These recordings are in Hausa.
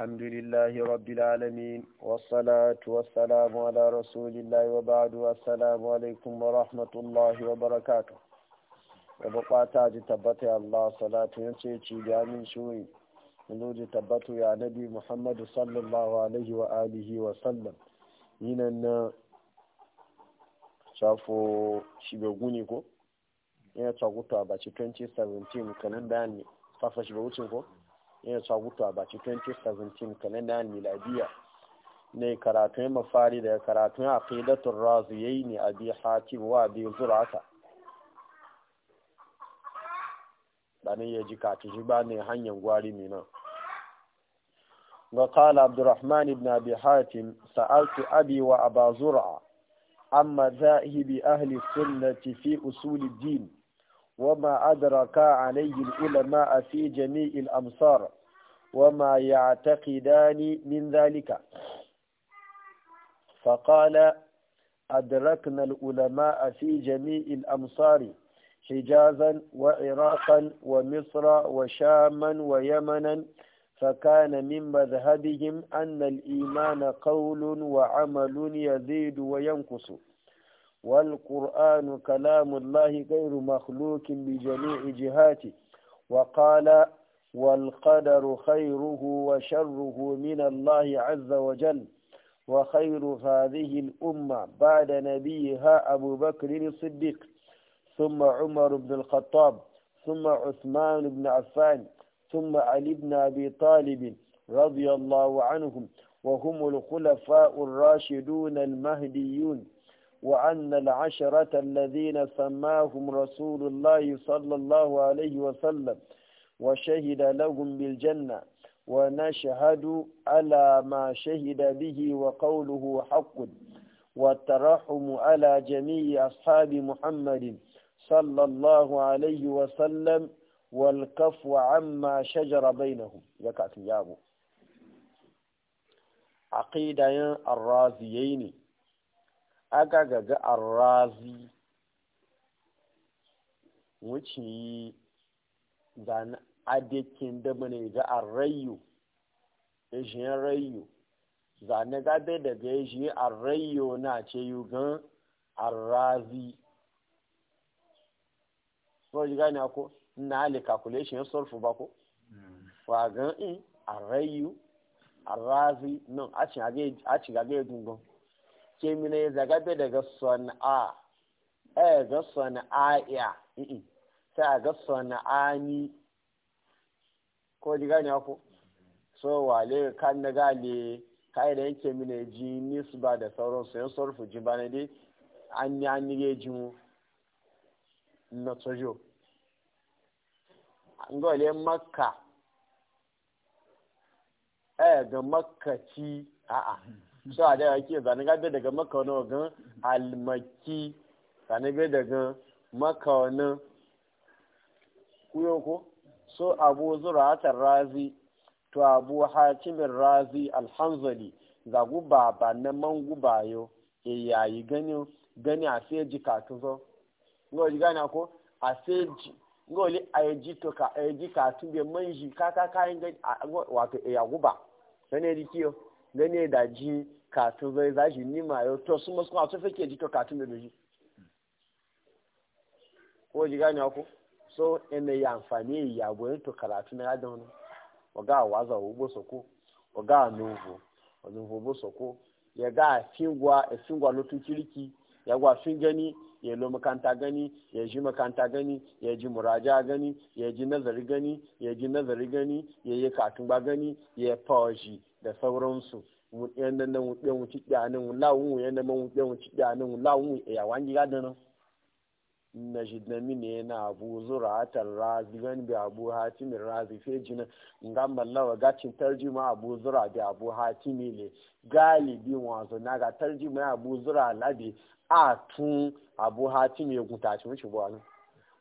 الحمد لله رب العالمين والصلاة والسلام على رسول الله وبعد والسلام عليكم ورحمة الله وبركاته وبقى تاجي تبتي الله صلاة ينسيتي بأمين شوي ولود تبتي يا نبي محمد صلى الله عليه وآله وسلم هنا شافوا شبغوني ko yana tsakuta ba 2017 kanin bayani safa shi ba ya sabuta a baki 2017 kalendar miladiya ne karatun mafari da karatun a fidatun razu ya ne a biyu hatim wa biyu zurata ɗanin ya ji kati shi ba ne hanyar gwari mai nan ga kala abdurrahman ibn abi hatim sa'altu abi wa abazura amma zahibi ahli sunnati fi usuli وما أدرك عليه العلماء في جميع الأمصار وما يعتقدان من ذلك فقال أدركنا العلماء في جميع الأمصار حجازا وعراقا ومصر وشاما ويمنا فكان من مذهبهم أن الإيمان قول وعمل يزيد وينقص والقرآن كلام الله غير مخلوق بجميع جهاته وقال والقدر خيره وشره من الله عز وجل وخير هذه الأمة بعد نبيها أبو بكر الصديق ثم عمر بن الخطاب ثم عثمان بن عفان ثم علي بن أبي طالب رضي الله عنهم وهم الخلفاء الراشدون المهديون وأن العشرة الذين سماهم رسول الله صلى الله عليه وسلم وشهد لهم بالجنة ونشهد على ما شهد به وقوله حق والترحم على جميع أصحاب محمد صلى الله عليه وسلم والكف عما شجر بينهم يكاتب يابو عقيدة الرازيين aga gaga arrazi wuce yi da na adekin da mana ga arrayu ejiyar rayu da na gabe daga ejiyar arrayu na ce yi gan arrazi so ji gani ako na ali calculation sulfu ba ko wa gan in arrayu arrazi nan a ci gage gungun kemina ya zagabe daga sana'a a eh, ga sana'a sai a ga sana'a ni ko ji gani ako so wale kan na gale kai da yake mine ji ba da sauran su yan sorfu ji bana dai an yi an yi ji mu na tsojo an gole makka a eh, ga makkaci a'a so a daya ke zane gabe daga makaunin ogun almaki zane bai daga makaunin kuyoko so abu zuratar razi to abu hakimin razi alhanzali za guba ba na man guba yau e yayi gani gani a sai ji katun zo ngoli gani ko a sai ji ngoli a ji to ka a ji katun bai man ji kaka kayan gani wato e ya guba gane ji kiyo da ji katun zai zaji nima yau to sun masu kuma sun fake jito katun da doji ko ji gani ku so ina ya amfani ya goyin to karatu na yadda wani waga waza wubo soko waga nuvo wajen wubo soko ya ga fingwa fingwa lotu kiriki ya gwa fin gani ya lo makanta gani ya ji makanta gani ya ji muraja gani ya ji nazari gani ya ji nazari gani ya yi katun ba gani ya fawaji da sauransu yanda na wuɗe wuci ɗanin wula wun yanda ma wuɗe wuci ɗanin wula wun ya wangi na shi na mini yana abu zura atar razi gan bi abu hatimi razi fe jina nga mallawa gacin tarjima abu zura bi abu hatimi le galibi wazo na ga tarjima abu zura labi a tun abu hatimi ya gutace ci mishi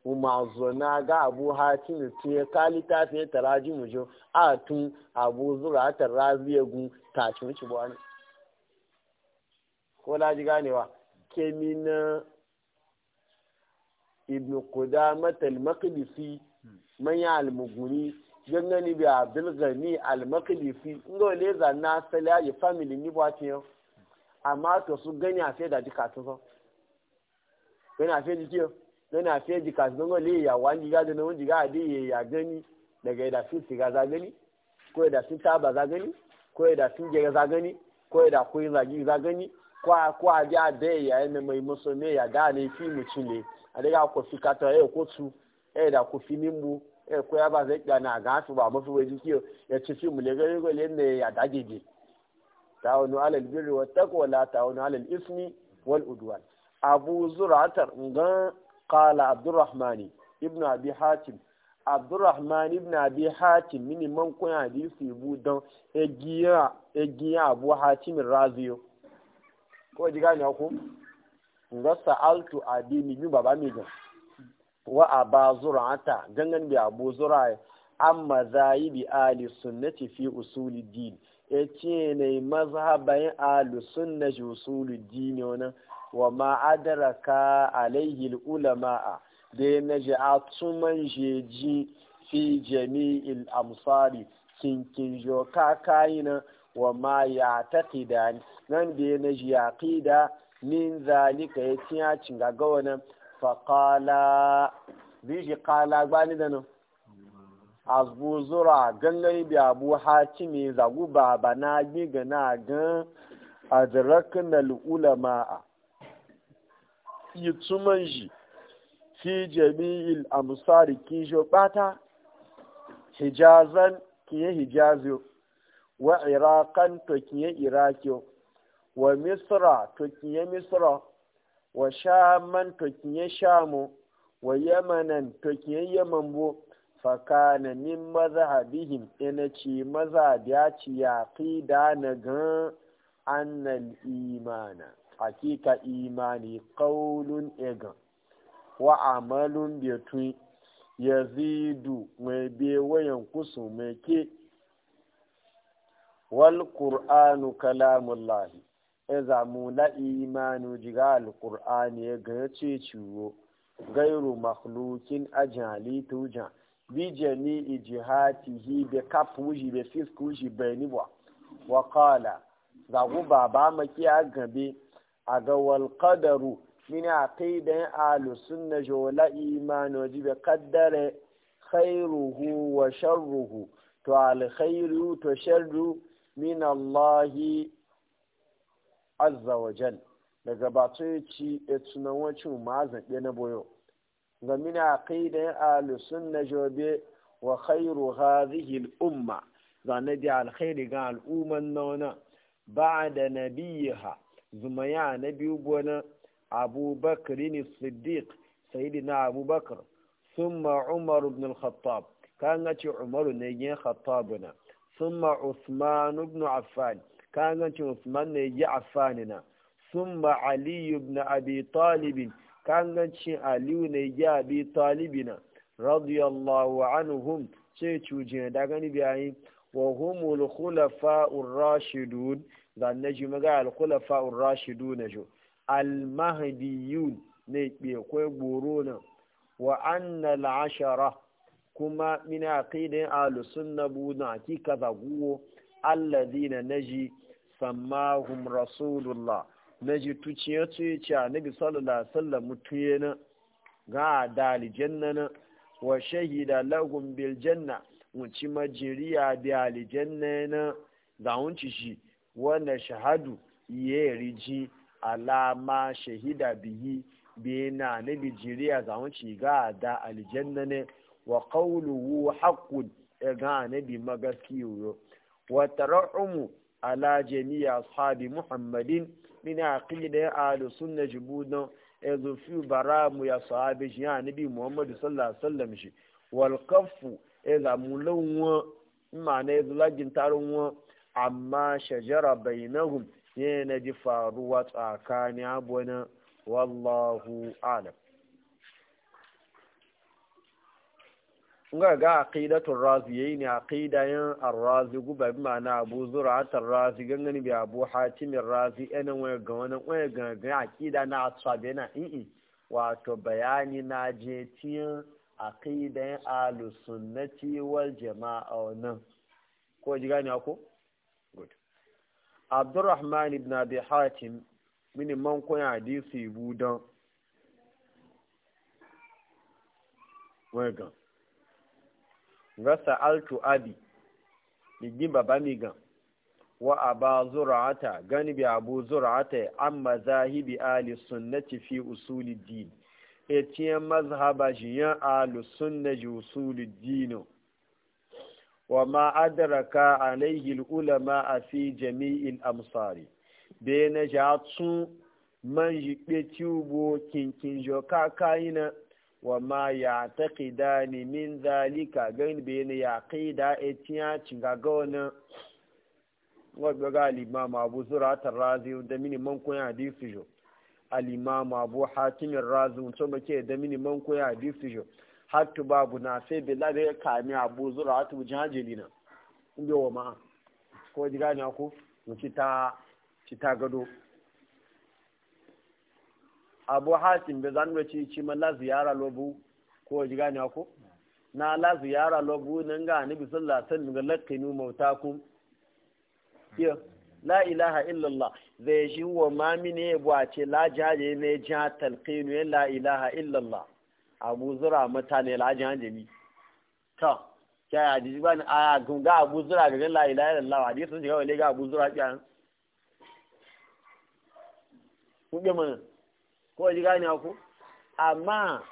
umazona ga abu hatim ce ya kali ta fiye taraji mujo a tun abu zura ta ya gun ta ci muci bu ne ko laji ganewa kemi na ibn kuda matal maqdisi manya almuguni mughni gangani bi abdul ghani al ngo le za na sala ya family ni ba ce amma to su gani a sai da dika to so gani a sai dikiyo nana fiye jika sun ga le ya wani ga da nan jiga adi ya ya gani daga yadda sun siga za gani ko yadda sun taba za gani ko yadda sun je za gani ko yadda koyi zagi za gani ko a ja de ya ne mai musu ne ya ga ne fi mu cile a daga ko fi ka ta ko su e, e da ko fi nimbu e ko ya ba zai na ga su ba mafi waje kiyo ya e ci fi mu le ga ko le ne ya dage ge ta'awunu alal birri wat taqwa la ta'awunu alal ismi wal udwan abu zuratar ngan قال عبد الرحمن ابن ابي حاتم عبد الرحمن ابن ابي حاتم من من كان حديث يبودن اجيا اجيا ابو حاتم الرازي ko ji gane ku ga sa'altu adini bi baba mi ga wa aba zurata gangan bi abu zura amma zayibi ali sunnati fi usuli din e ce ne mazhabayin ahlus sunnati usuli din ne wa ma adraka ulama'a da na ji a tsuman jeji fi jami'il amsari kinkin jo kayina wa ma ya taqida nan da na ji aqida min zalika ya ci cinga ga wannan faqala bi ji qala gbani da nan azbu zura bi abu hatimi zagu baba na gbi gan adrakan ulama'a yi tsuman shi fi jami'il amsari kijo bata hijazan kiye hijazo wa irakan to kiye irakiyo wa misra to kiye misra wa shaman to kiye shamu wa yamanan to kiye yamanbo fakana maza mazhabihim ina ci mazhabiya ci ya da na gan annal imana hakika imani kaulun egan wa amalun betun ya zidu mai bewayen kusu mai ke wal ƙur'anu kalamullahi ya zamu la imanu jiga alƙur'ani ya ga ce ciwo gairu makhlukin ajali tuja bi jami'i jihatihi bi kafuji bi fiskuji bai niwa wa qala zagu baba maki a gabe a ga walƙadaru mini a kai da yin alusun na jola imanu jibe kaddare khairuhu wa sharruhu to alkhairu to sharru min Allahi azza wa jal daga batu ya ci ya tunan wacin mazan ɗaya na boyo ga mini a kai da yin alusun na jobe wa khairu hadhihi al'umma zane da alkhairi ga al'umman nona ba da nabiha zumaya na biyu bona abubakar ne siddiq na abubakar summa umar ibn al-khattab kan ga ce umaru ne yin khattabuna summa usman ibn affan kan ga ce usman ne yi affanina summa ali ibn abi kan ga ce ali ne yi abi talibina radiyallahu anhum ce cuje da gani biyayi wa humul khulafa'ur rashidun zanne naji maga alkhulafa urashidu na jo almahdiyun ne be kwai goro na wa anna al'ashara kuma min aqidin ahlus sunna bu na hakika da guwo alladina naji sammahum rasulullah naji tuciye tuye ce annabi sallallahu alaihi wasallam mutuye na ga dali jannana wa shahida lahum bil janna mun ci majiriya bi aljanna na da wunci shi Wannan shahadu ya riji alama shahida bihi bena na bijiriya za mu ci ga da aljanna ne wa qawluhu haqqun e ga nabi magaskiyo wa tarahumu ala jami'i ashabi muhammadin min aqida ahli sunna jibudun ezo fi baramu ya sahabi shi ya nabi muhammadu sallallahu alaihi wasallam shi wal kaffu e za mu lawan ma ya ezo lagin tarun amma shajara bainahum na ji faruwa tsakanin abuwa wallahu alam ngaga ga aqidatul razi aqidayan arrazi guba bi mana abu zur'at razi gangani bi abu hatim arrazi razi waya ga wannan waya ga ga aqida na asabe na i wato bayani na je tin aqidayan ahlus sunnati wal jama'a wannan ko ji gani ko abdurrahman ibn abi hatim mini man koya hadisi budan wega ga sa'altu abi da baba mi gan wa aba zur'ata gani bi abu amma zahibi ali sunnati fi usuli din etiyan mazhaba jiyan alu sunna usuli dino wa ma adraka alaihi ulama a fi jami'il amsari be na ja man yipe ti ubo kinkin jo kakayina wa ma ya taqida ni min zalika gan be ne ya qida etiya cinga gona wadda ga al abu zura tarrazi da mini man koyan hadisi jo al abu hatim razi to make da mini man koyan hadisi jo hatu babu na sai bela da ya kame abu zura hatu jihajeli na inda wa ma ko ji gani ku mu ci ta gado abu hatim bai zan ci ci ma la ziyara lobu ko ji gani ku na la ziyara lobu nan ga annabi sallallahu alaihi lakki ga mauta mautakum iya la ilaha illallah zai shi wa mamine ya ce la jaje ne ja talqinu la ilaha illallah abu zura mutane laji an jami ta kya ya ji ba a ga abu zura ga gan la layi lalawa. a sun shiga wale ga abu zura kya kuɗe mana ko ji a ku amma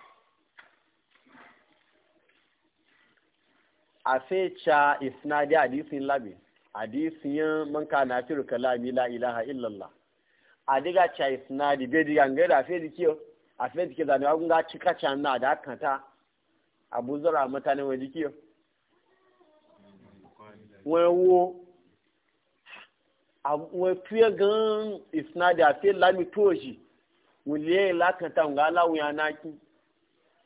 a fecha isnadi hadisin labi hadisin manka na fil kalami la ilaha illallah a diga cha isnadi be diga ngada fe dikiyo a sai ke zane agun ga cika can na da haka ta abu zura mutane wa jiki wai wo wai fiye gan isna da fiye lami toji wule lakanta ga alawun ya naki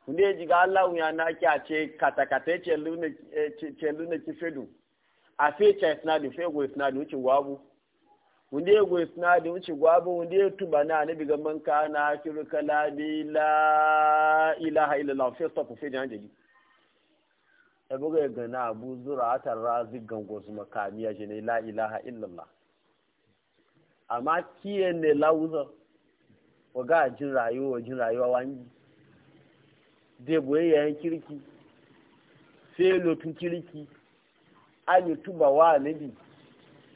wule ji ga alawun ya naki a ce katakata ce lunaki eh, fedu a sai ce go isna da wuce wabu wanda ya goyi sinadi wuce gwabin wanda ya tuba na anabi ga man ka na akiru kalami la ilaha illallah fi stop fi jan jaji ya buga ya gana abu zura atar razi gango su makamiya shi ne la ilaha illallah amma kiye ne lauza wa ga jin rayuwa wa jin rayuwa wani dai boye yayin kirki sai lotun kirki an yi tuba wa anabi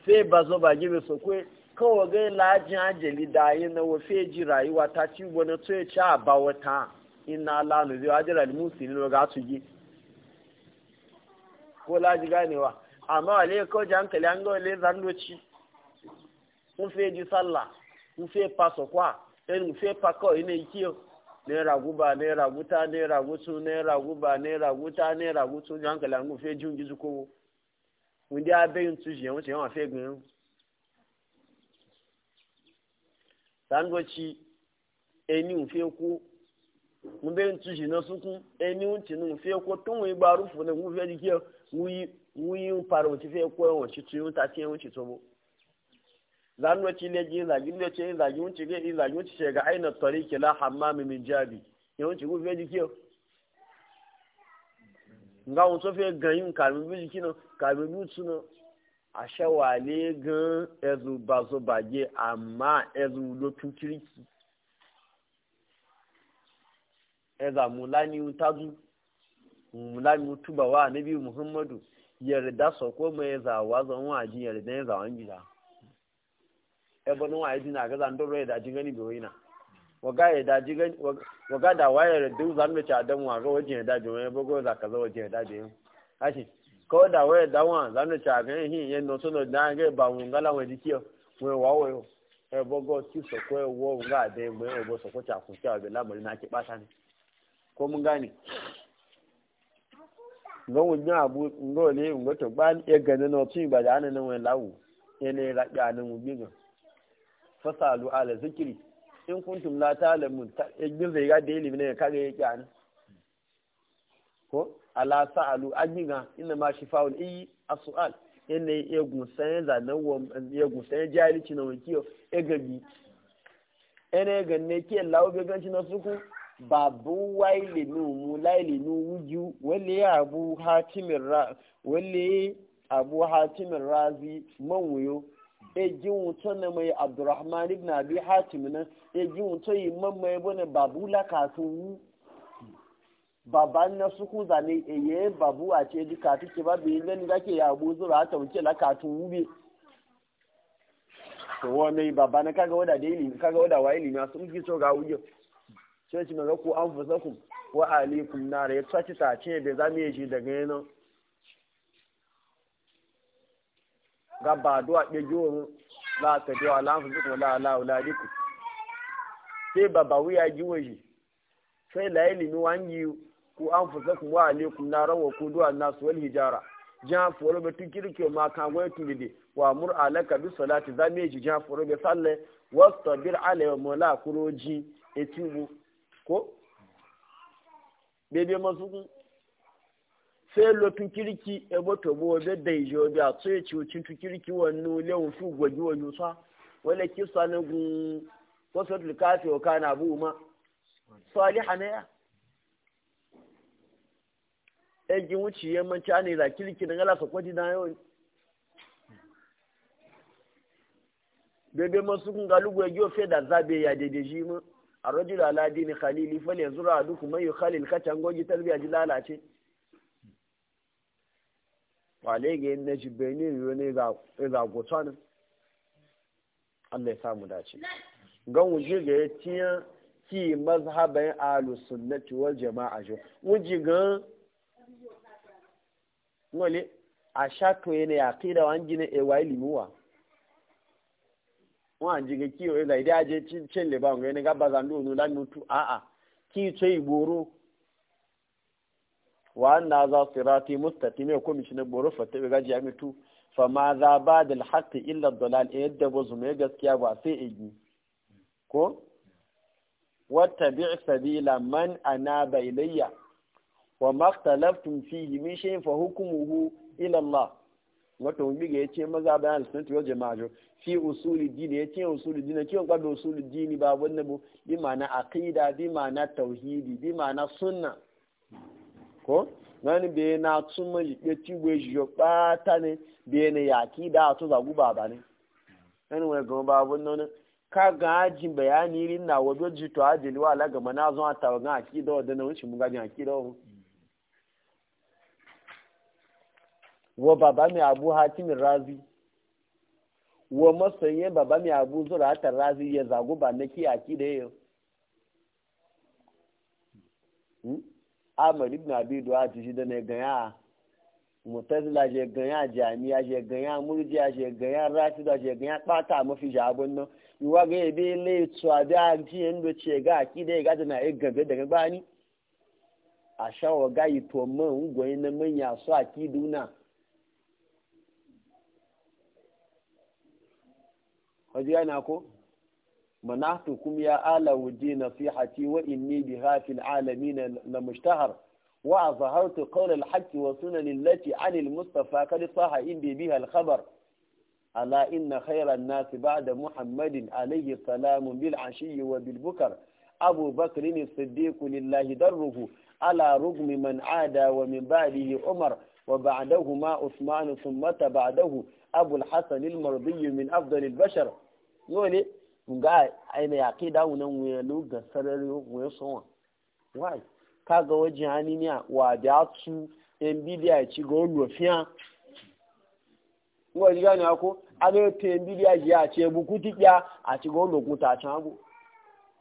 sai ba zo ba gibe su kwe kawai gai lajin ajali da yi na wafe ji rayuwa ta ci wani tsoye ci a ba wata ina lanu zai wajen alimu su ne ga su gi ko laji ganewa amma wale ko ji hankali an gawa zandoci kun fe ji sallah kun fe paso kwa ɗin fe pa kawai ne kiyo naira guba naira guta naira gutu naira guba naira guta naira gutu ji hankali an gawa fe ji hunji su kowo wunde abẹ́yìn tún jẹ́ wọ́n ti wọ́n fẹ́ gbìn. sangochi ẹni òfin kú mo bẹ́ẹ̀ tún jẹ́ náà sunkún ẹni ń tinú òfin kú tó ń gba arúfo náà wọ́n fẹ́ di kí wọ́n yí ń parọ́ òtí fẹ́ kọ́ ẹ̀wọ̀n tuntun yóò ta tí ẹ̀wọ̀n ti tọ́bọ̀. zangochi lẹ́jìn ìlàjì lẹ́jìn ìlàjì ń ti ṣẹ̀gá àyìnà tọ́rí kẹlá hàmá mímí jabi ẹ̀wọ̀n ti wọ́n fẹ́ di kí wọ́n. nga wọn tó fẹ́ gan yín kàmí bíi kí náà kàmí gan ẹ̀rù bàzọ́bàjẹ́ àmà ẹ̀rù ló tún kíríkì ẹ̀rù àmúláni tájú àmúláni túbà wà níbi muhammadu yarda sako mai yazawa zan waji yarda yazawan gida ebe nan wa yi dina ga zan doro da jin gani bai waina waga yadda daji gan waga da wayar duk zan mace dan waga waje ya daji bugo za ka zo ya daji hashi ko da wayar dan wa zan mace gan hin yan no da ga ba mun gala e bugo so ko e wo ga da mu e bo so ko ta kun ta ga lamari na ki bata ne ko mun gane ngon e ganin no ba da ene ra ga nan mu ala zikri in kuntum la ta'lamun yin zai ga daily ne kage yake an ko ala sa'alu ajiga inna ma shifaul iyi as-su'al inna egun san za nan wo egun san jari ci na wakiyo gabi ene ga ne ke lawo be ganci na suku babu waili nu mu laili nu wuju wale abu hatimir ra wale abu hatimir razi manwayo ejin wutan mai abdurrahman ibn abi hatim nan eji wuto yi mamma ya bane babu lakatu baba na suku zane eye babu a ce ji katu ke babu yi gani gake ya abu zura ta wuce lakatu wube to wani baba na kaga wada da ilimi kaga wada wa ilimi sun fi so ga wuyo sai ci maga ku an fusa ku wa alaikum nara ya tsaci ta ce bai zama ya shi daga yanan ga ba duwa ɗaya yiwu la ta biyu ala an fusa sai baba wuya ji waje sai la ilimi wangi ku an fusa ku wa alaikum na rawa ku duwa nasu wal hijara jan foro be tun kirke ma kan goyi tun wa mur alaka bi salati zame ji jan foro be salle wastabir ala mola kuroji etubu ko bebe masu sai lotun kirki ebo tobo obe da ijo bi a tsoye ciwocin tu kirki wani lewun fi gwaji wani sa wale kisa na gun wasu lukafi wa kana abu ma saliha ne ya egin wuce yammanci ne da kirki na gala sakwaji na yau bebe masu kun galugu ya giyo fe feda zabe ya daidai shi mu a rajul aladi ne khalili fal yanzu ra duk mai khalil kacan gogi tarbiya ji lalace wale ga yin na shi benin yiwu ne za gotsanin Allah ya samu dace. gan wuji ga ya tiyan ki mazhaban ahlu sunnati wal jama'a jo wuji ga ngole a sha to yana ya kida wan gina e wa limuwa ji ga kiwo ila idan je cin cin le ba ngai ne ga yana gaba zandu onu lan a a'a ki ce iboro wa anna za sirati mustaqim ko mi shine boro fata be gaji ya mitu fa ma za ba da alhaqi illa dalal e yadda bo zuma gaskiya ba sai igi e ko wata bi sabila man ana bailayya wa maktalaftum fihi min shay'in fa hukmuhu ila Allah wato mun ga yace maza bayan sunnati wal jama'a fi usuli dini yace usuli dini kiyon da usuli dini ba wannan bu bi ma'ana aqida bi ma'ana tauhidi bi ma'ana sunna ko wani be na tsumo ya ti gwe shi yo bata ne be ne ya aqida to zagu baba ne anyway go ba wannan ka gajin bayani irin na wajo jito ajili wa ala gama na zuwa tawa gan akida wa dana wuce mun gajin akida wa wa baba mai abu hatimin razi wa masoyin baba mai abu zura hatar razi ya zagu ba na ki akida yau hmm? Amalib na abi duwa ta shi da na gaya mutazila je ganya jami'a je ganyan murjiya je ganya rafida je ganya kpata mafi jabon nan yiwa ga ebe ile tu abi a ji yin da ce ga aki da ga da na e gabe daga bani a shawa ga yi to man ungwayi na manya su aki duna wajiya na ko manatu kum ya ala wujina fi hati wa inni bi hafil alamin la mushtahar وأظهرت قول الحق وسنن التي عن المصطفى قد صح إني بها الخبر ألا إن خير الناس بعد محمد عليه السلام بالعشي وبالبكر أبو بكر الصديق لله دره على رغم من عادى ومن بعده عمر وبعدهما أثمان ثم بعده أبو الحسن المرضي من أفضل البشر يقول ga aina yaƙi da wunan wuyan lugar sararin wuyan sowa why kaga wajen aniniya wa da su nbda ci ga olufiyan ngwaji gani ako adote nbda ji a ce bukuti ya a ci ga a can abu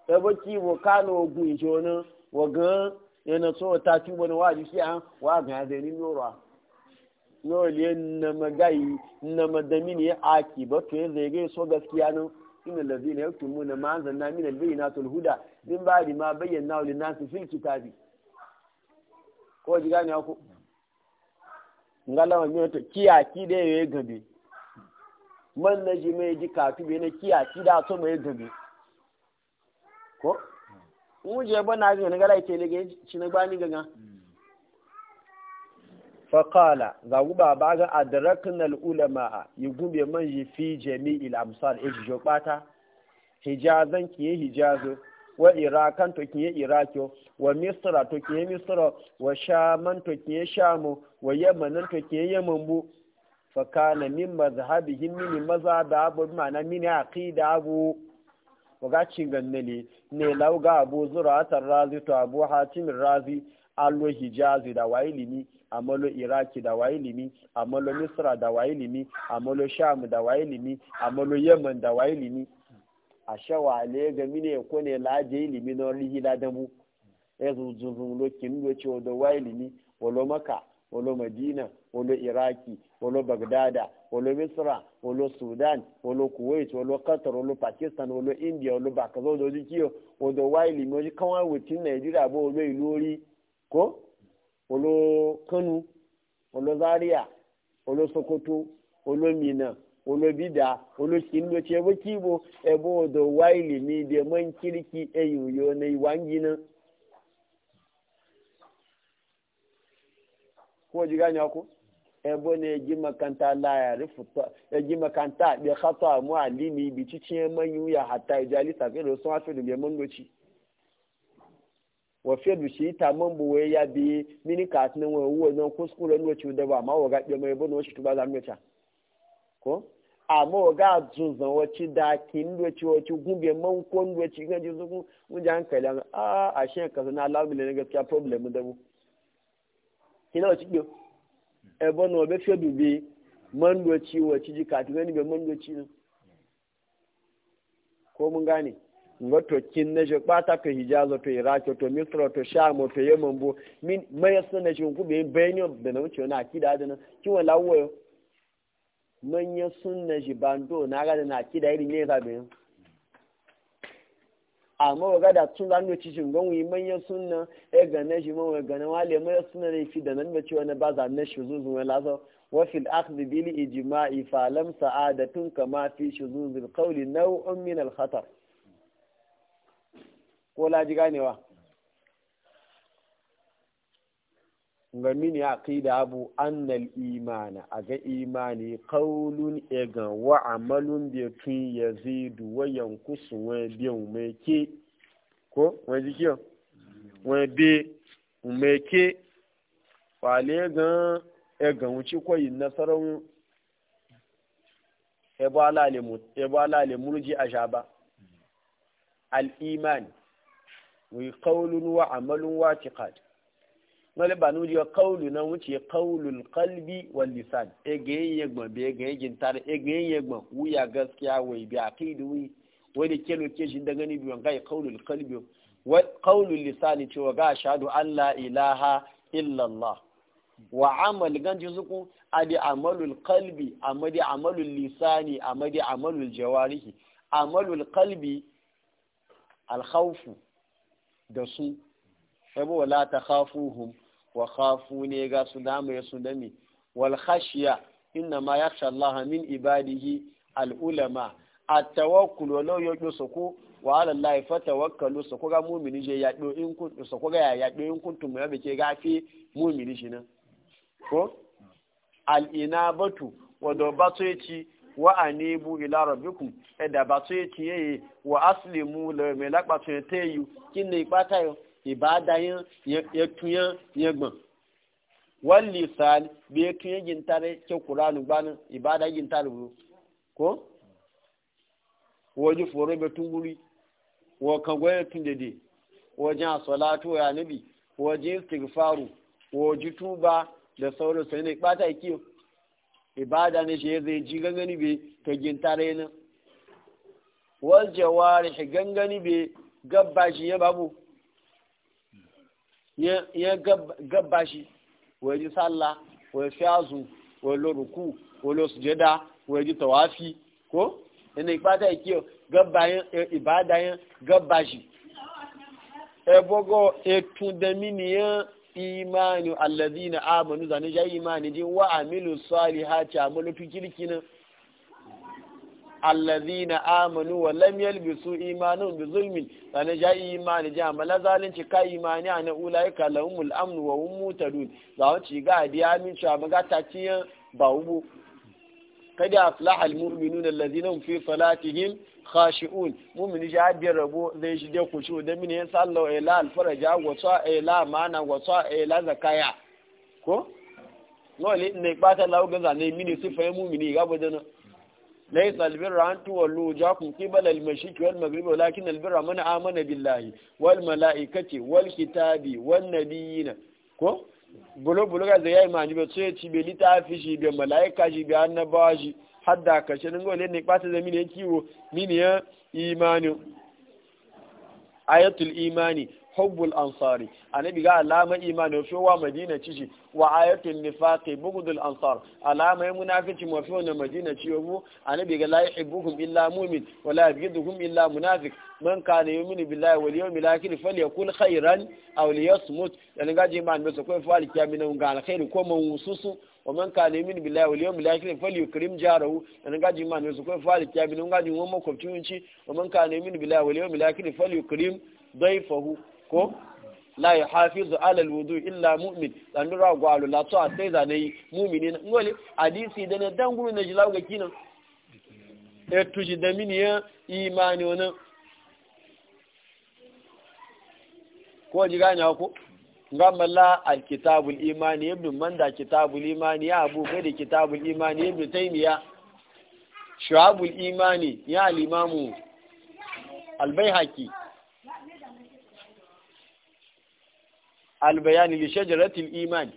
ebe ki bo kano ogun ije wani wagan yana so ta ci wani wa jisi an wa gan ya zai nora yoli na magayi na madami ne a ki ba to zai gai so gaskiya nan ina lazi na yau tumu na ma'azan na minal bayyana tulhuda din ba di ma bayyana wani nasu fil kitabi ko ji gane ku ngala wa nyoto kiya ki de ye gabi man na ji me ji katu be na kiya ki da so me gabi ko mu je ba na ji ngala ke ge ci na gani ganga fa qala za gu ba ba ga adrakna al ulama yugube man yi fi jami'il amsal e jo pata hijazan ki hijazo wa irakan to ki irakyo wa misra to ke misra wa shaman to ke shamu wa yamanan to ke yaman bu fa kana min mazhabihim min mazhaba abu ma'ana min aqida abu waga cingan ne ne lauga abu zura tar razi to abu hatim razi allo hijazi da wayi limi amalo iraki da wayi limi amalo misra da wayi limi amalo sham da wayi limi amalo yaman da wayi limi a shawa le ga mine ko ne laje limi don rihi da damu ezu zuzun lokin lokaci wado ni walo maka walo madina walo iraki walo bagdada walo misra walo sudan walo kuwait walo qatar walo pakistan walo india walo bakazo wado jikiyo wado wailini wani kanwa wucin nigeria bo walo ilori ko walo KANU walo zaria walo sokoto walo mina olobida BIDA ló ṣe é bó kí ibo ẹ̀bùn odò wáìlì ní ìdè mọ́ ko ji gane ko ebo ne ji makanta la ya rifuta ya ji makanta bi khata mu alimi bi cici manyu ya hatta ijali safiro sun afi da Wa wafiyar da shi ta man buwe ya bi mini katinin wa wuwa nan kuskuren wacce da ba ma wa gaɗe mai bane tu ba za mu ta ko amma wa ga zunzan wacce da kin wacce wacce gumbe man kon wacce ganji zuku mun ji hankali a ashe ka na lamu ne gaskiya problem da mu kina wace ɗiyo ebe na wabe fiye dube mandoci wace ji kati gani bai mandoci nan ko mun gane nga na je kwata to hijazo to iraki to misra to sham to yemen bo min mai sunna shi ku bai bayani da na wuce na akida da nan kin wala wayo manyan sunna shi bando na ga na akida irin ne ka bayan amma ga da tun da ci shin gon manyan sunna e ga shi mun e ga wale mai sunna ne fi da nan ba cewa na ba za na shuzuzu wai lazo wa fil akhd bil ijma'i fa lam sa'adatun kama fi shuzuzil qawli naw'un min al khatar ko la ji ganewa ga mini aqida abu annal imana aga imani qaulun egan wa amalun bi tun yazidu wa yankusu wa bi umeke ko wa jikiyo wa bi umeke wale gan egan wuci koyi nasarawun ebo alale ebo le murji ashaba al iman wa qaulun wa amalun wa tiqad wale ba nuri kaulu na wuce kaulul kalbi wa lisan e ga yayye gban be ga yayye tar e ga yayye wuya gaskiya wai bi aqidu wi wani kelo ke shi daga ni biyan gai kaulul kalbi wa kaulul lisan ce wa ga shahadu an la ilaha illallah wa amal ganji suku adi amalul kalbi amadi amalul lisani amadi amalul jawarihi amalul kalbi alhaufu da su yabo wala takhafuhum wa khafu ne ga su dama ya su dami wal khashiya inna ma yakhsha Allah min ibadihi al ulama at tawakkul wa law yajo soko wa ala Allah su ko ga mu'mini je ya do in kun ko ga ya do in kun tumu ya ga fi mu'mini shi nan ko al inabatu wa dabatu yaci wa anibu ila rabbikum e da batu yaci wa aslimu la me lakpatu tayu kinne ipata yo ibada yin ya tuya ya gbọn wal lisan bi ya tuya gintare ke kuranu gbanu ibada gintare wuru ko woji foro tun tunguri wa kan tun dade wajen salatu ya nabi wajen istighfaru waji tuba da sauran sai ne bata kiyo ibada ne shi zai ji gangani be ka gintare na wal jawarih gangani bai gabba shi ya babu ya gaba shi wai ji sallah wai fi azu wai lo wai lo sujada wai ji tawafi ko ina ipata ikiyo gaba yin e, ibada yin gaba shi ebogo etun da miniyan imanu alladhina amanu zane ja imani din wa amilu salihati amalu fikirkinan allazina amanu wa lam imanin imanuhum bi zulmin sana ja imani ja mala zalunci ka imani na ana ka lahumul mul'amnu? wa hum mutadun za mu ci ga diya min cha maga ta ci ba ubu kada aflahal mu'minuna allazina hum fi salatihim khashi'un mu'mini ja bi rabo zai shi da kushu da min yan sallo ila eh, alfaraja wa sa ila eh, mana wa sa ila eh, zakaya ko lọ́ọ̀lẹ́ ní ipá tẹ́lá ó Na ní mí ní sífẹ́ mú mi ní ìgbàgbọ́dẹ́ ليس البر أن تولوا وجهكم قبل المشرق والمغرب ولكن البر من آمن بالله والملائكة والكتاب والنبيين كو bulo bulo ga zai ma ni so ci be litafi shi be malaika shi be annabawa shi hadda ka shi ngo le ne kwata da kiwo mini ya imani ayatul imani hubbul ansari annabi ga alama imani fi wa madina ci wa ayatul nifaqi bughdul ansar alama munafici mafi wa madina ci wa annabi ga la yuhibbuhum illa mu'min wa la yabghiduhum illa munafiq man kana yu'minu billahi wal yawmil akhir falyakul khairan aw liyasmut dan ga ji man so ko fa alkiyamin ga alkhair ko man wususu wa man kana yu'minu billahi wal yawmil akhir falyukrim jarahu dan ga ji man so ko fa alkiyamin ga ji mu makwabci wa man kana yu'minu billahi wal yawmil akhir falyukrim dayfahu ko la ya hafizu alal wudu illa mu'min dan dura go alu la to sai da nayi mu'mini ngoli hadisi da na dan guru na jilawo ga kinan e tuji da mini ya imani wannan ko ji ganya ko gamala alkitabul imani ibn manda kitabul imani ya abu kai da kitabul imani ibn taymiya shu'abul imani ya al-imamu al albayani li shajaratil iman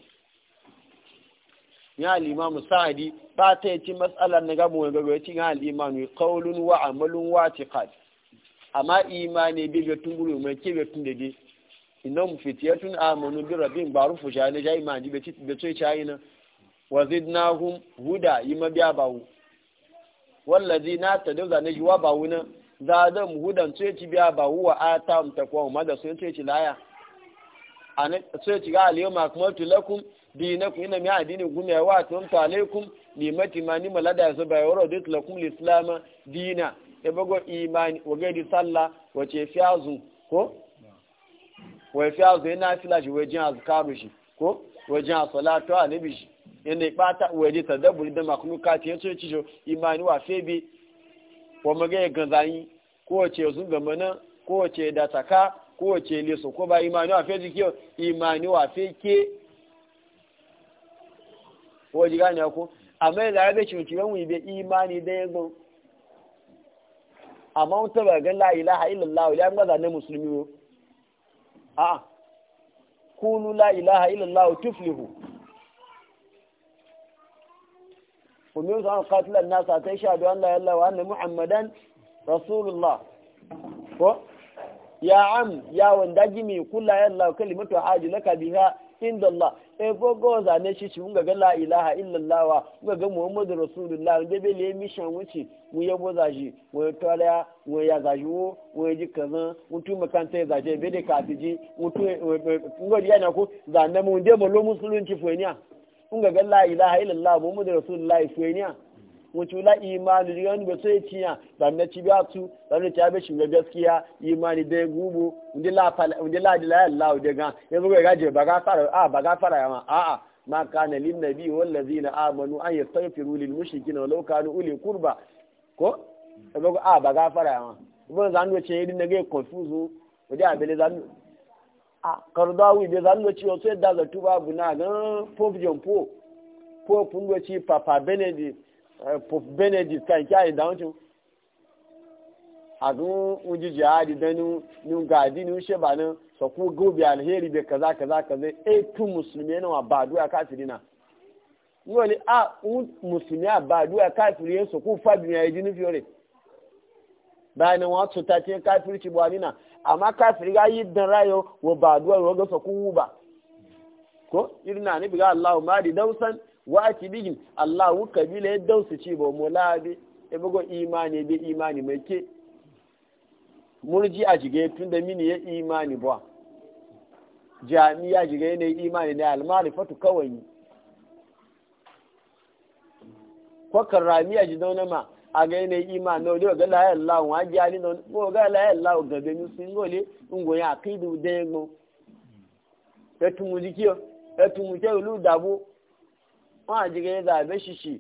ya al-imam sa'di ba ta yace mas'alar na gamu ga ga cin al-iman qawlun wa amalun wa tiqad amma imani bi ga tunguru mai ke ga tun ge inam fitiyatun amanu bi rabbin barufu ne jai ma ji be ce na wa zidnahum huda yima biya na ta tadawza ne yuwa bawuna zadam hudan ce ci biya bawu wa atam takwa ma da sun ce ci laya sai ci ga al-yawma akmaltu lakum dinakum ina mi adini gumi wa ne alaykum nimati mani malada yaso ba yoro dit lakum al-islam dina e bago imani wage di sallah wace fiazu ko wa fiazu ina fila shi wajin azkaru shi ko wajen salatu anabi shi inda ipata waje tadabbur da kati ce yace ci jo imani wa febi wa maga ganzayi ko wace sun mana ko wace da taka kowace lesson ko ba imani wa fe jike imani wa fe ke ko ji gane ko amma da ya ga cinci ran wi be imani da yango amma mun ta ga laa ilaha illallah ya ga zanne musulmi ro a kunu laa ilaha illallah tuflihu kun yi zan qatlan nasa ta shahadu an la ilaha illallah na anna muhammadan rasulullah ko ya am ya wanda gimi kula ya Allah kalimatu haji laka biha inda Allah e fogo zane shi shi ga la ilaha illallah wa ga ga Muhammadu Rasulullah da be le mission wuce mu ya boza shi mu ya tara mu ya gaji wo mu ya ji kaza mu tu makanta za je be de ka tiji mu tu ngo ya na ko zane mu de mo lo musulunci fo niya ga la ilaha illallah Muhammadu Rasulullah fo niya wato la imani daga wani bai so ya ciya zanne ci biya su zanne ci abin shiga gaskiya imani da gubu inda la da la Allah daga yanzu ga gaje ba ga fara a ba ga fara yama a a ma kana lin nabi wal ladina amanu an yastaghfiru lil mushrikina walau kanu uli qurba ko ba a ba ga fara yama ibn zanu ce yidin daga confuse wajen abele zanu a kardawi da zanu ce wasu yadda zatu babu na ga pope john pope, pope ndo ci papa benedict Eh, Pope Benedict kan kya yi dawo cin agun ujiji a di danu nun ga di nun she ba nan so ku gobi alheri be kaza kaza kaza e tu muslimi na wa ba duwa ka a un muslimi a ba duwa ka tirina so ku fa bi yi dinu fiore ba nan wa tsota ti ka tirina ci amma ka tirina yi dan rayo wo ba duwa wo ga so ku ba ko irina ne biga allahumma di dausan wa ki bigin Allah wu kabila ya dausu ci ba mu labi ya e bugo imani bi imani mai ke murji a shiga tun da mini ya imani ba ya shiga yanayi imani ne almari fatu kawai kwakar rami a jidau na ma a ga yanayi imani na wale ga ya lawon a jari na wale ga layar lawon gabe ni sun wale ungoyi a kai da ya gbo ya e tumu jikiyo ya e tumu kyau lu dabo wọn àjẹgẹ yẹn dàbẹ ṣiṣì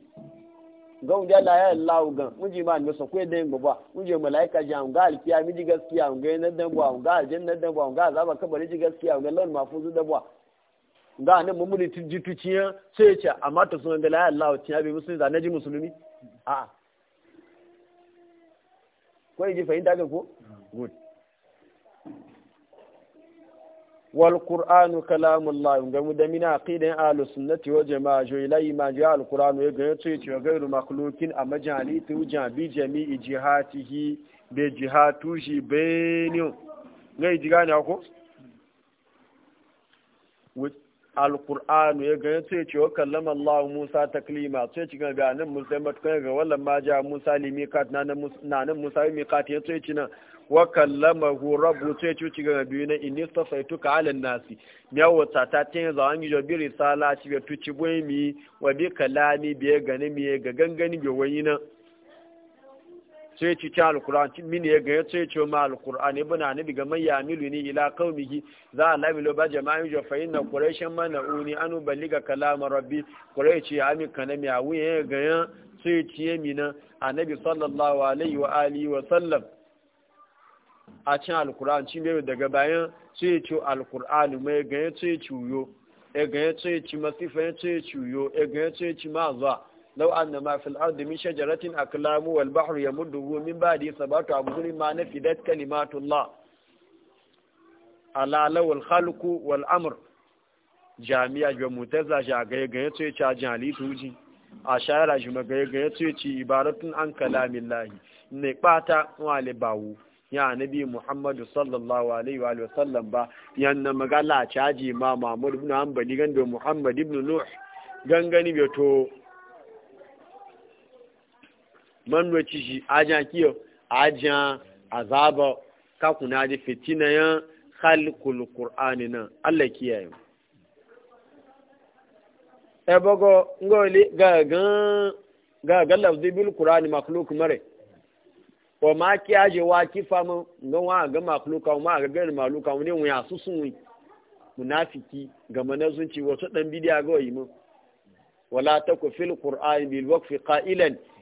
gan da la ya Allah gan muje ma ne sokwe den baba muje malaika ji an ga alkiya miji gaskiya an ga nan dan bwa an ga aljanna dan bwa an ga azaba kabari ji gaskiya an ga lon mafuzu da bwa ga nan mu muni tijituciya sai ce amma to sun ga la ya Allah tiya be musulmi da naji musulmi a ko ji fahimta ga ko good wal qur'anu kalamullah damina mu da mina aqidan ahlus sunnati wal jamaa jo ma ja ya ga ce ce ga ru jami'i jihatihi alkur'anu ya gani sai ce wa kallama Allah Musa taklima sai ci ga bayanin Musa matakan ga wallan ma ja Musa limikat na nan Musa limikat ya sai ci nan wa kallama hu rabbu sai ci ci ga biyu na inni safaitu ka alan nasi miya wata ta ta za an gijo bi risala ci be tuci boyi mi wa bi kalami bi gani mi ga gangani bi nan. sai ci ci alkur'an min ya ga sai ci ma alkur'an ibn anabi ga mai yamilu ni ila qaumihi za a lo ba jama'i jo fa inna quraishan mana'uni an baliga kalama rabbi quraishi ya mi kana mi awu ya ga sai ci na annabi sallallahu alaihi wa alihi wa sallam a cin alkur'an ci mai daga bayan sai ci alkur'an mai ga sai ci yo e ga sai ci masifa sai ci yo e ga sai ci ma zuwa لو أن ما في الأرض من شجرة أكلام والبحر يمده من بعد ثبات عبدالي ما نفذت كلمات الله على لو الخلق والأمر جامعة ومتزة جاقية غيرتوية جالي توجي أشعر أشارة جمعية غيرتوية عبارة عن كلام الله نقاط والباو ya nabi muhammadu sallallahu alaihi wa sallam ba yanna magala caji ma mamur ibn hanbali gando muhammad ibn nuh gangani to manuwa ci shi ajan kiyo ajan azaba ka kuna ji fitina yan khalqul qur'ani nan Allah kiyaye ebogo ngoli ga ga lafzi bil qur'ani makhluq mare wa ma ki aje wa ki famu ngan wa ga makhluqa ma ga ga makhluqa ne mu ya susun munafiki ga manazunci wato dan bidiya ga yi mu wala taku fil qur'ani bil waqfi qailan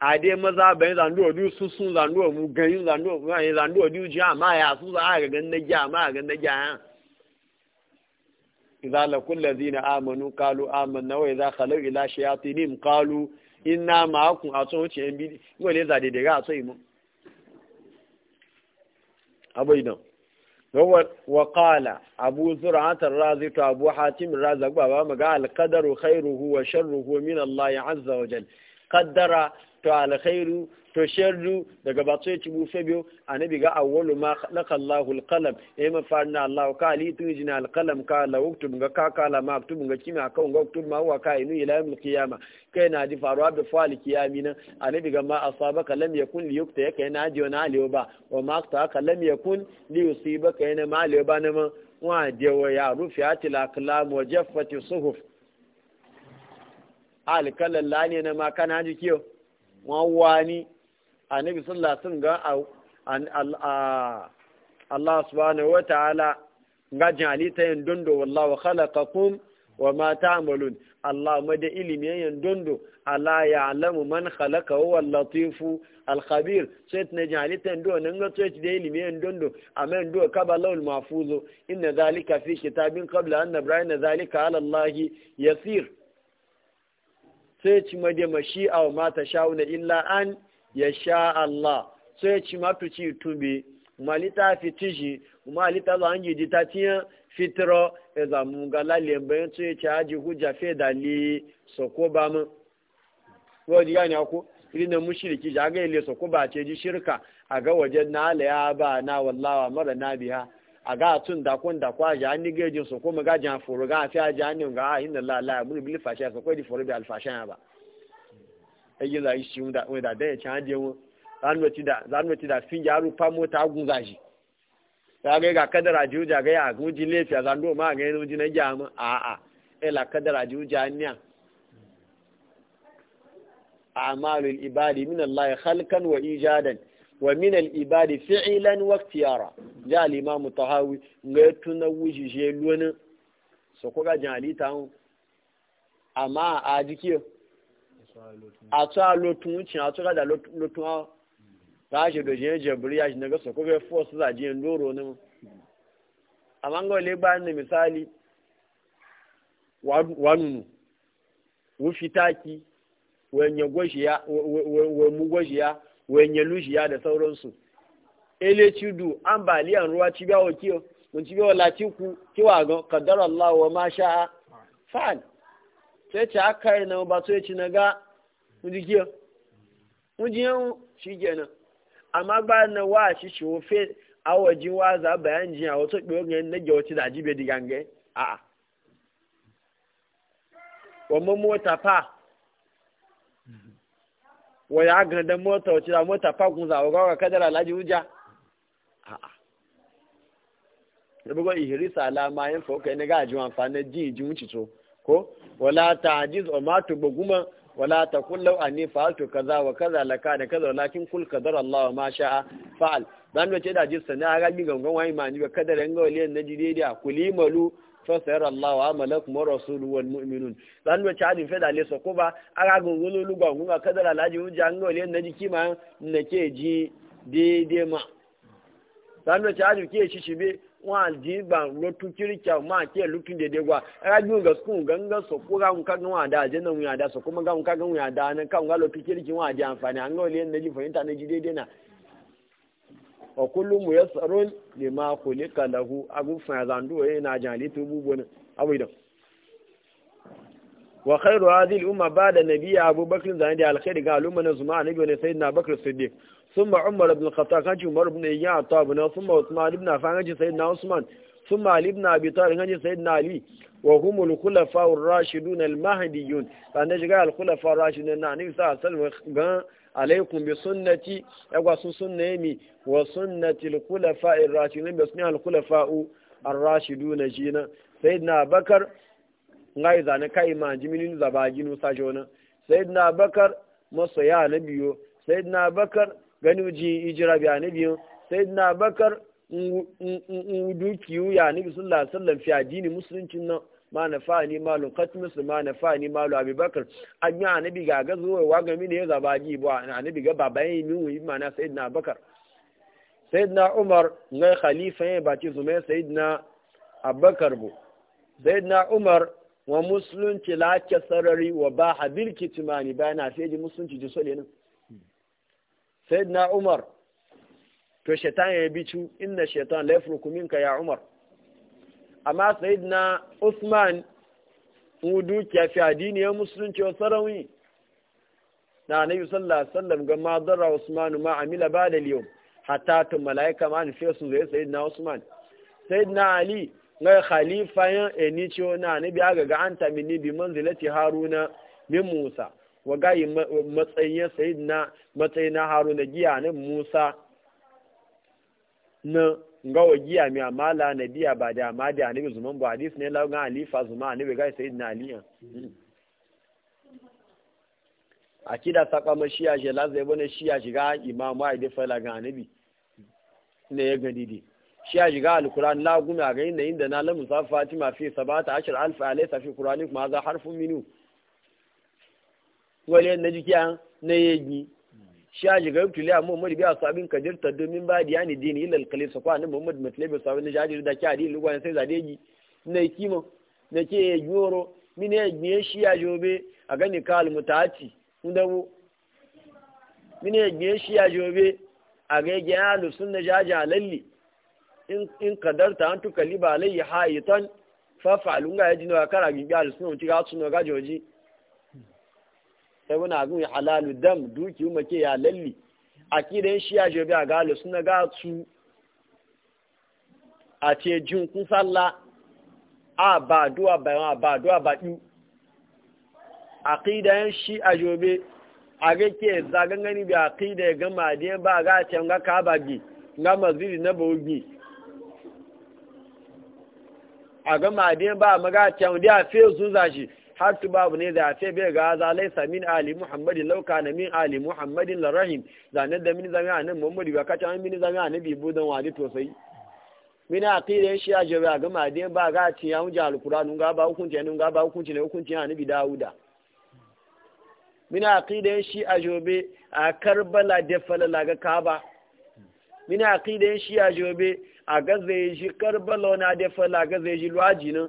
ade maza bayan zanduwa biyu sun sun zanduwa mu ganyin zanduwa mu ganyin zanduwa biyu ji amma ya sun za a ga gan na ji amma a gan na ji ha idza la kullu zina amanu qalu amanna wa idza khalu ila shayatinihim qalu inna ma'akum atun wuce yan bidi ngo ne za daidai ga so imu abai dan wa qala abu zur'at ar-razi to abu hatim ar-razi baba maga al-qadaru khairuhu wa sharruhu min Allah azza wa jalla qaddara to alkhairu to sharru daga batso ya ci bufe biyo annabi ga awwalu ma khalaqa Allahu alqalam eh ma farna Allahu ka ali tu jina alqalam ka la uktub ga ka ka la ma uktub ga kima ka ga uktub ma huwa ka inu ila yawm alqiyama kai na ji faruwa da fali kiyami nan annabi ga ma asabaka lam yakun li yukta kai na ji wani Aliyu ba wa ma ka lam yakun li yusibaka yana ma Aliyu ba na ma wa wa ya rufiatil aqlam wa jaffati suhuf suhu. lani na ma kana ji kiyo wọn wá ní annabi sallallahu alaihi wasallam ga Allah subhanahu wa ta'ala ga jalita yin dondo wallahu khalaqakum wa mata amalun. Allah ma da ilimi yin dondo ala alamu man khalaqa huwa al-latifu al-khabir sai tana jalita yin dondo nan ga tsoci da ilimi yin dondo amma yin dondo kaba lawul mahfuzo inna zalika fi kitabin qabla an nabra'ina zalika ala Allah yasir sai ci ma shi mashi'a wa mata sha'una illa an ya sha Allah sai ci ma tuci tube malita fitishi malita zo an ji ta tiya fitro e za mu ga sai ci haji hujja fe dali soko ba mu wadi gani ako irin da mushiriki ja ga ile soko ba ce ji shirka a ga wajen na alaya ba na wallawa mara na biya. a ga tun da kun da kwa ja ni gejin su kuma ga jan furu ga fi ja ni ga ah, inna la la bu bil fasha ko di furu bi al sha ba ayi la un da we da de cha je wo zan wati da zan wati da fin pa mo ta gun gaji ta ga ga kadara ja ga ya gun ji fi za do ma ga ni ji na ja mu a a e la kadara ja ni a a'malul ibadi min Allah khalqan wa ijadan wa min ibadi fi'lan wa ikhtiyara ja al-imam tahawi ga tuna wuji je lona so ko ga jali ta hu amma a jiki a to a lotun cin a to ga lotun a ta je do je jabri ya ne ga ne misali wa wa mu gwashi wenye lujiya da sauransu ele cidu ambaliyan ruwa cibiyawa kiyo mun cibiyawa latiku kiwa ga kaddara Allah wa ma sha'a fa'al sai ce aka yi na ba sai ci na ga mun ndi kiyo mun ji yan shi kenan amma ba na wa shi shi wo fe awajin wa za bayan jiya wato biyo ga na ga wata da jibe digange a'a wa mota fa wa ya ganda mota wace da mota fagun za wa gawa kadar alhaji hujja a'a da bugo ihrisa alama yin fa kai ne ga ji amfani ji ji wuci so ko wala ta'jiz wa ma tubguma wala ta taqul law anni fa'altu kaza wa kaza laka da kaza lakin kul qadara Allah wa ma sha'a fa'al dan wace da ji sana ga mi gangan wai ma ni ba kadarin ga waliyan na jide da kulimalu fasayara Allah wa malakum wa rasuluhu wal mu'minun dan da le so ko ba aga go golo lu gwa na jiki ma na ke ji ma wa chadi shi shi be wa ji ba ma ke lu tun de de gwa aga ju ga skun ganga so na mu na ka ngalo tu na wa kullum mu yassarun lima kulika lahu agufan zandu yana jali tububun abidan wa khairu hadhihi al-umma ba'da nabiyyi Abu Bakr zani da alkhairi ga al'umma na zuma annabi ne sayyidina Bakr Siddiq thumma Umar ibn Khattab kan ji Umar ibn Iyya Attab usman thumma Uthman ibn Affan kan ji sayyidina Uthman thumma Ali ibn Abi Talib kan ji sayyidina Ali wa hum al-khulafa ar-rashidun al-mahdiyyun kan ji ga al-khulafa ar-rashidun na sa sallallahu alaihi wasallam alaikum bi sunnati yagwa sun sunnayemi wa sunnati al-khulafa'i ar-rashidin bi sunnati al-khulafa'u ar-rashidun jina sayyidina bakar ngai zane kai ma jiminin zabaginu sajona sayyidina abakar masoya na biyo sayyidina bakar gani ji ijira bi anabiyo sayyidina bakar dukiyu ya nabi sallallahu alaihi wasallam fi addini musulunci nan ma na fa ni malu katmus ma na fa ni malu abubakar an yi annabi ga ga zuwa wa ga mini ya zaba ji ba annabi ga baba yin yi wi ma na sayyidina abubakar sayyidina umar ngai khalifa ya ba ci zume sayyidina abubakar bu sayyidina umar wa musulunci lake sarari wa ba habil kitimani bayana sai ji musulunci ji sole nan sayyidina umar to shaitan ya bicu inna shaitan laifin yafruku ya umar amma sayidina usman mu dukiya fi ya musulunci wa sarauni na annabi sallallahu alaihi ga ma zara usman ma amila ba da liyau hatta tun malaika ma nufi su zai sayidina usman sayidina ali ga khalifa yan enicho na annabi aga ga anta minni bi manzilati haruna min musa wa ga matsayin sayidina matsayin haruna giya na musa na nga wagiya mi amala na biya ba da amma da anabi zuman ba hadis ne ali fa zuma anabi ga sai na ya akida ta kwama shiya je la zai shi shiya shiga imamu a da fala ga anabi ne ya gani di shiya shiga alquran la gumi a ga inda inda na lamu sa fatima fi sabata ashar alf alaysa fi qur'anik ma za harfun minu wale na jikiya na yegi shi a jigar a muhammad biya sabin kadir ta domin ba da yani dini ilal kalis ko annabi muhammad matlabi sabin da jajiri da ki adili gwan sai ji na kima na ke yoro ya gbe shi a jobe a gani kal mutati ndawo ya gbe shi a jobe a ga ga alu sunna a lalli in in kadarta an tukali ba alayhi haitan fa'alunga yajinu akara gbe alu sunna ga sai wani abin ya halalu dam duki yi mace ya lalli a kidan shi ya jobi a galo suna ga su a ce jin kun salla a ba duwa bayan a ba duwa ba ɗu a kidan shi a jobi a ga zagen gani bi a kidan gama da ba ga can ga ka ba bi ga maziri na bogi a gama da ba maga can da a fiye sun zashi hatu babu ne da ce bai ga zalai samin ali muhammadin lauka na min ali muhammadin larahim zanen da min zami a nan muhammadu ba kacan min zami a nabi budan wani tosai min a kira shi a gama ga madiyan ba ga ci ya wuce alkuranu ga ba hukunci ne ga ba hukunci ne hukunci ya nabi dawuda min a kira shi a jobe a karbala da falala ga kaba min a kira shi a jobe a gaza karbala na da falala gaza luwaji nan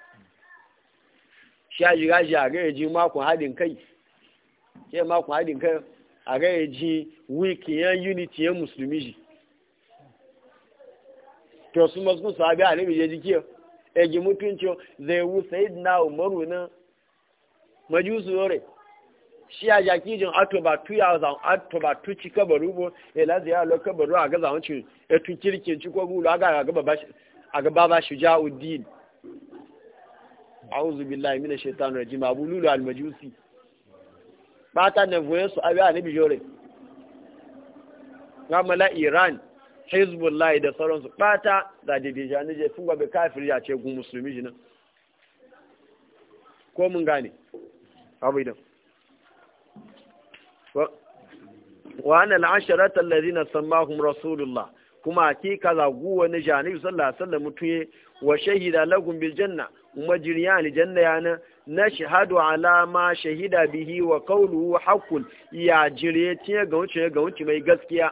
ya shiga shi a gaya ji makon haɗin kai ke makon haɗin kai a gaya ji wiki yan unity yan musulmi shi to su masu sabi a nabi jeji kiyo e gi mutunci zai wu sayid na umaru na majusu yore shi a jaki jin ato tu ya zan atoba ba tu ci kabaru bo e la zai alo kabaru a ga zawancin etu kirkin ci ko a ga ba shi ja uddin a'udhu billahi minash shaitani rajim abu lulu al-majusi bata na voye su abi anabi jore ngamala iran hezbollah da su bata da didija ne je sun be kafiri ya ce gun musulmi jina ko mun gane abu idan wa ana al'asharata alladhina sammahum rasulullah kuma hakika zaguwa na janibi sallallahu alaihi wasallam tuye wa shahida lahum bil janna majiriya janna yana na shahadu ala ma shahida bihi wa qawluhu haqqun ya jire tiye ga wuce ga wuce mai gaskiya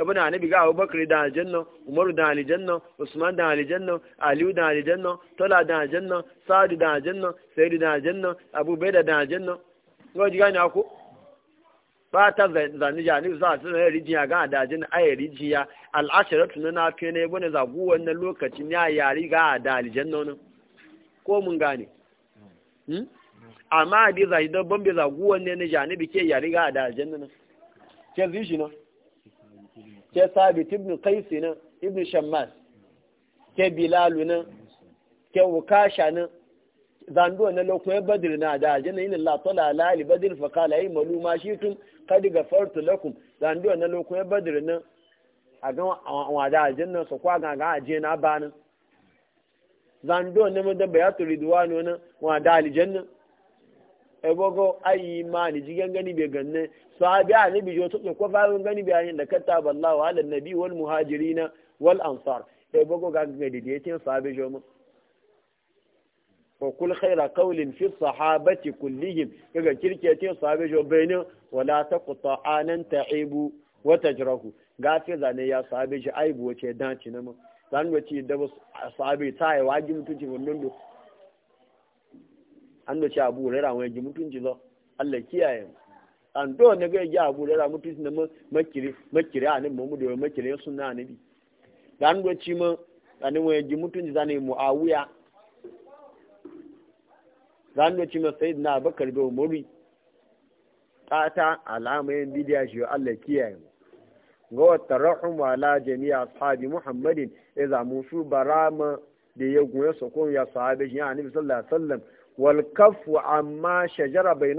ibn anabi ga abubakar da aljanna umaru da aljanna usman da aljanna aliyu da aljanna tola da aljanna sa'adu da aljanna sayyidu da aljanna abubaida da aljanna ga ji gani ako ba ta zani ja ni za su ne rijiya ga da aljanna ay rijiya al asharatu na nafi ne ibn zagu wannan lokacin ya yari ga da aljanna nan ko mun gane hmm? amma bi za idan ban bi za guwan ne na janibi ke ya riga da aljanna na? ke zishi na ke sabit ibn qais na ibn shammas ke bilal na ke wukasha na zando na lokacin badr na da aljanna inna allah tala ala ali badr fa qala ay maluma shitum qad ghafartu lakum zando na lokacin badr na a ga wa da aljanna su kwa ga ga ajena banin zando ne mun da bayatu ridwanu nan wa da aljanna e bogo ayi ma ni jigan gani be ganne sahabi annabi jo to ko fa gani be ayin da katta Allahu ala nabi wal muhajirin wal ansar e bogo ga ga de tin sahabi jo mu ko kul khaira qawlin fi sahabati kullihim kaga kirke tin sahabi jo bayin wala taqta anan ta'ibu wa tajrahu gafe zane ya sahabi ji aibu wace dan tinama zan wace da ba sahabe ta yi wa mutunci wannan do an da ce abu rera wani ji mutunci zo Allah kiyaye an do na ga ji abu rera mutunci na makiri makiri a nan mu da makiri sunna annabi dan wace ma dan wani ji mutunci zane muawiya zan wace ma sayyidina abakar da umari tata alamayin bidiya shi Allah kiyaye mu ga wata rahum ala jami'a ashabi muhammadin ya zamu su barama da ya goya sako ya sahabe shi annabi sallallahu alaihi wasallam wal kafu amma shajara bai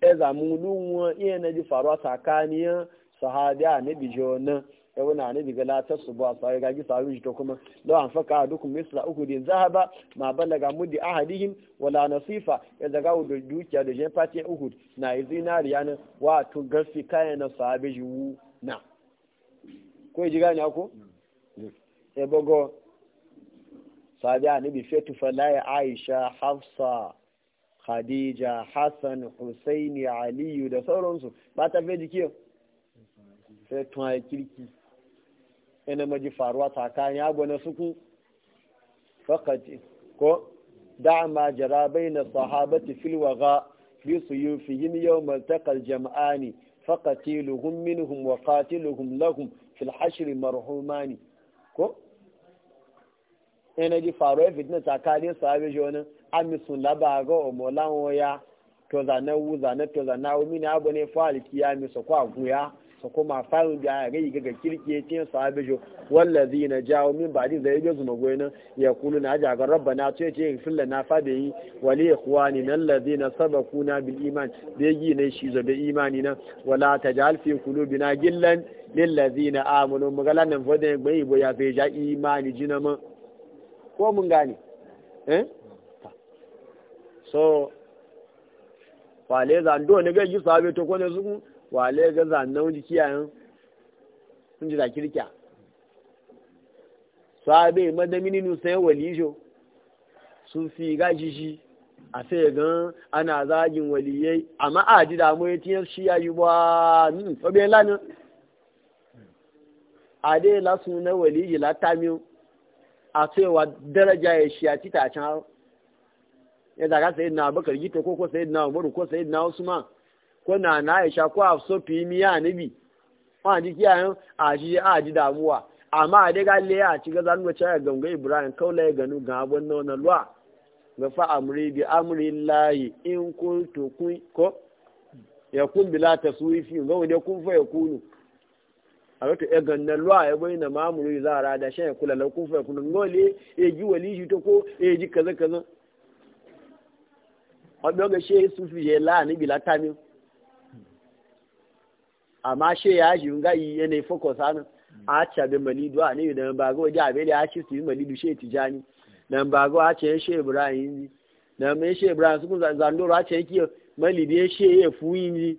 ya zamu lunwa iya na ji faruwa tsakaniya sahabi annabi jona ya wani annabi ga latar su ba sai ga gisa ruji to kuma law an faka dukun misla uku din zahaba ma balaga muddi ahadihim wala nasifa ya daga da dukiya da je fati uku na zinariya ne wa to gafi kayan sahabi na ko ji gane ko ebogo sabi anibi fetu falaye aisha hafsa khadija hassan husaini aliyu da sauransu ba ta fe jikiyar fetun a kirki ina maji faruwa tsakanin abu na suku fakati ko da'ama jarabai na sahabati filwaga bi su yi fihim yau maltakal jama'ani fakati luhun minuhun wa katiluhum lahum fil hashiri marhumani ko ina ji faruwa fitina tsakanin sahabi shi wani amisun laba ga omolan ya to zane wu zane to zane wu mini abu ne fa'al kiyami su kwa guya su kuma fayin biya ga yi gaga kirki ya ce sahabi shi wallazi na jawo min ba ji zai gazu na goyi ya kulu na aji agar rabba na ce ce filla na fa da yi wali ya kuwa ni nan lazi na saba kuna bil iman da yi na shi zabe imani na wala ta jahal fi kulu bina gillan lillazi na amunu magalanin fadin gbai ya fe ja imani jinama. ko mun gane eh so wale ndo ne gaji sabe to ne su wale ga zannan ji kiyayen sun ji kirkiya sabe madamini nu sai walijo sun fi gaji shi a sai ga ana zagin waliyai amma a ji da mu tiyar shi ya yi ba nun hmm, be lanin ade dai lasu na waliji latamiyu a cewa daraja ya shi a cita a can ya zaga sai na bakar gita ko ko sai na umaru ko sai na usman ko na na aisha ko so fi miya nabi ma ji kiyayen a ji a ji damuwa amma a daga le a ci gaza nuna cewa ganga ibrahim kaula ya ganu ga abun na wani luwa ga fa amri bi amri layi in kun kun ko ya kun bila taswifi ga wani kun fa ya kunu a rata ya gannan ruwa ya bai na mamuru za a rada shan ya kula la kufa kunun gole ya ji wali shi ta ko ya ji kaza kaza ọdọ ga ṣe sufi ya la ni bila tami amma shi ya ji nga yi ya ne focus anu a be malidu a ne da ba ga waje abele a ci su malidu she tijani nan ba ga a ce she ibrahim nan me she ibrahim su kun zandoro a ce ki malidi she ya yin ni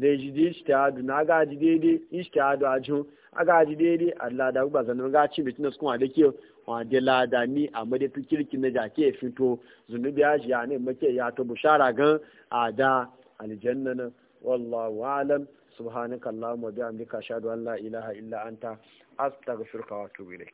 zai ji shi ta na in shi ta ishtihadu a jihun a gaji daidai Allah da ba zanen ga ci bitin su kuma da ke wade ni a madafi kirki na jake fito zunubi ya ji ya ne make ya to bushara gan a da aljanna na wallahu alam subhanakallahumma bihamdika ashhadu an la ilaha illa anta wa atubu